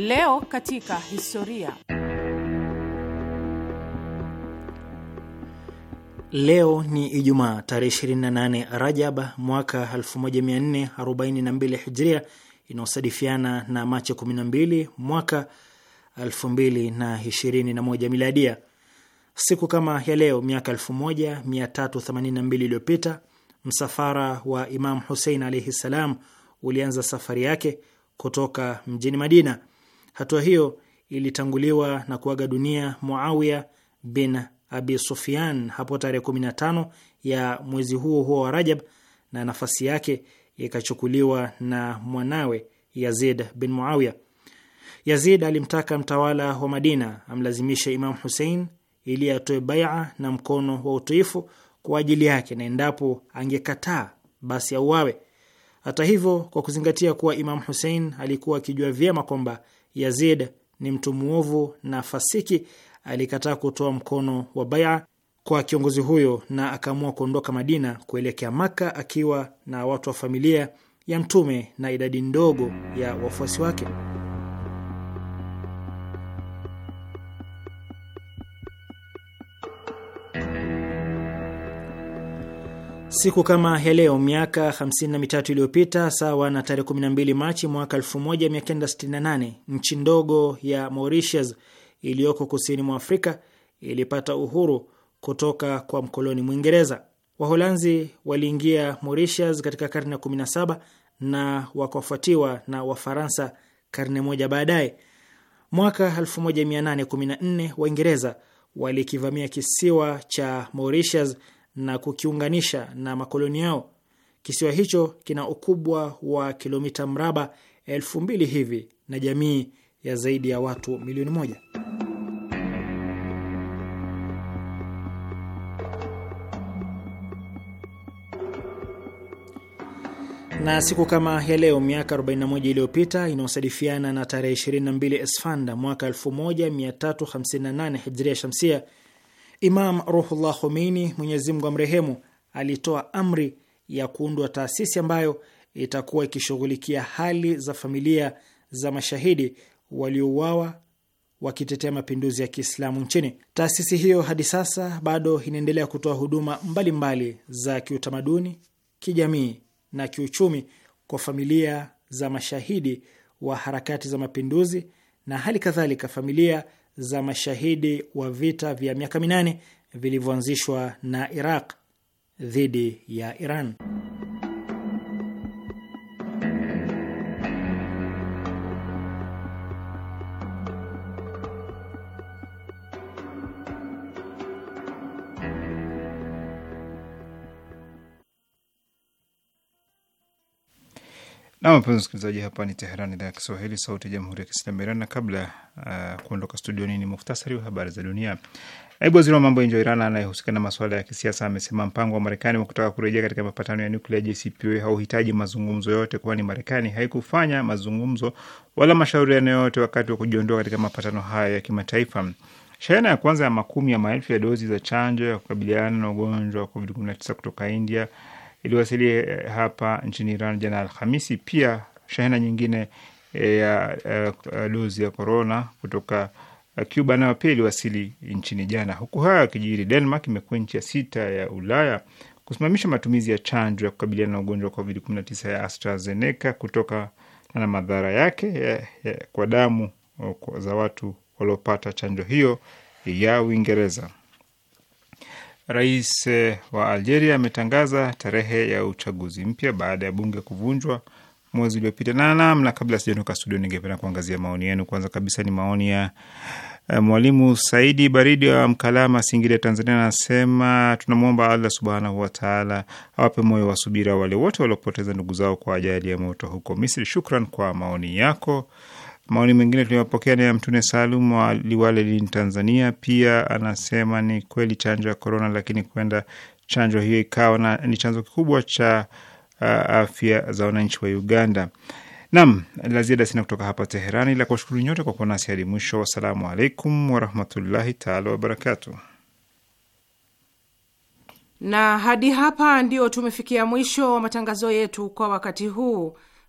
Leo katika historia. Leo ni Ijumaa tarehe 28 Rajab mwaka 1442 Hijria, inayosadifiana na Machi 12 mwaka 2021 Miladia. Siku kama ya leo miaka 1382 iliyopita msafara wa Imam Husein alaihi ssalam ulianza safari yake kutoka mjini Madina Hatua hiyo ilitanguliwa na kuaga dunia Muawiya bin Abi Sufyan hapo tarehe 15 ya mwezi huo huo wa Rajab, na nafasi yake ikachukuliwa na mwanawe Yazid bin Muawiya. Yazid alimtaka mtawala wa Madina amlazimishe Imam Husein ili atoe baia na mkono wa utiifu kwa ajili yake, na endapo angekataa basi auawe. Hata hivyo, kwa kuzingatia kuwa Imam Husein alikuwa akijua vyema kwamba Yazid ni mtu mwovu na fasiki, alikataa kutoa mkono wa baia kwa kiongozi huyo na akaamua kuondoka Madina kuelekea Maka akiwa na watu wa familia ya Mtume na idadi ndogo ya wafuasi wake. Siku kama ya leo miaka 53 iliyopita, sawa na tarehe 12 Machi mwaka 1968, nchi ndogo ya Mauritius iliyoko kusini mwa Afrika ilipata uhuru kutoka kwa mkoloni Mwingereza. Waholanzi waliingia Mauritius katika karne ya 17 na wakafuatiwa na Wafaransa karne moja baadaye. Mwaka 1814 Waingereza walikivamia kisiwa cha Mauritius na kukiunganisha na makoloni yao. Kisiwa hicho kina ukubwa wa kilomita mraba elfu mbili hivi na jamii ya zaidi ya watu milioni moja. Na siku kama ya leo miaka 41 iliyopita inayosadifiana na tarehe 22 Esfanda mwaka 1358 Hijria Shamsia Imam Ruhullah Khomeini, Mwenyezi Mungu amrehemu, alitoa amri ya kuundwa taasisi ambayo itakuwa ikishughulikia hali za familia za mashahidi waliouawa wakitetea mapinduzi ya Kiislamu nchini. Taasisi hiyo hadi sasa bado inaendelea kutoa huduma mbalimbali mbali za kiutamaduni, kijamii na kiuchumi kwa familia za mashahidi wa harakati za mapinduzi na hali kadhalika familia za mashahidi wa vita vya miaka minane vilivyoanzishwa na Iraq dhidi ya Iran. Na wapenzi msikilizaji, hapa ni teheran idhaa ya Kiswahili, sauti ya jamhuri ya kiislamu Iran. Na kabla uh, kuondoka studioni, ni muhtasari wa habari za dunia. Naibu waziri wa mambo ya nje wa Iran anayehusika na masuala ya kisiasa amesema mpango wa Marekani wa kutaka kurejea katika mapatano ya nuklia JCPOA hauhitaji mazungumzo yote, kwani Marekani haikufanya mazungumzo wala mashauriano yoyote wakati wa kujiondoa katika mapatano hayo ya kimataifa. Shehena ya kwanza ya makumi ya maelfu ya dozi za chanjo ya kukabiliana na ugonjwa wa COVID-19 kutoka India iliwasili eh, hapa nchini Iran jana Alhamisi. Pia shehena nyingine eh, ya dozi eh, ya korona kutoka Cuba nayo pia iliwasili nchini jana. Huku haya akijiri Denmark imekuwa nchi ya sita ya Ulaya kusimamisha matumizi ya chanjo ya kukabiliana na ugonjwa wa COVID-19 ya AstraZeneca kutoka na madhara yake ya, ya, kwa damu za watu waliopata chanjo hiyo ya Uingereza. Rais eh, wa Algeria ametangaza tarehe ya uchaguzi mpya baada ya bunge kuvunjwa mwezi uliopita. Na namna, kabla sijaondoka studio, ningependa kuangazia maoni yenu. Kwanza kabisa ni maoni ya eh, Mwalimu Saidi Baridi wa Mkalama, Singida, Tanzania, anasema tunamwomba Allah subhanahu wataala awape moyo wa subira wale wote waliopoteza ndugu zao kwa ajali ya moto huko Misri. Shukran kwa maoni yako. Maoni mengine tuliyopokea ni ya Mtune Salum wa Liwale lini Tanzania. Pia anasema ni kweli chanjo ya korona, lakini kwenda chanjo hiyo ikawa na, ni chanzo kikubwa cha uh, afya za wananchi wa Uganda. Nam la ziada sina kutoka hapa Teherani, la kuwashukuru nyote kwa kuwa nasi hadi mwisho. Wassalamu alaikum warahmatullahi taala wabarakatu Na hadi hapa ndio tumefikia mwisho wa matangazo yetu kwa wakati huu.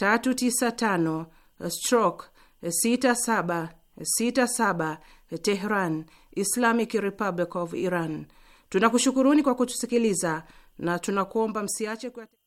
395 stroke 6767 Tehran, Islamic Republic of Iran. Tunakushukuruni kwa kutusikiliza na tunakuomba msiache kwa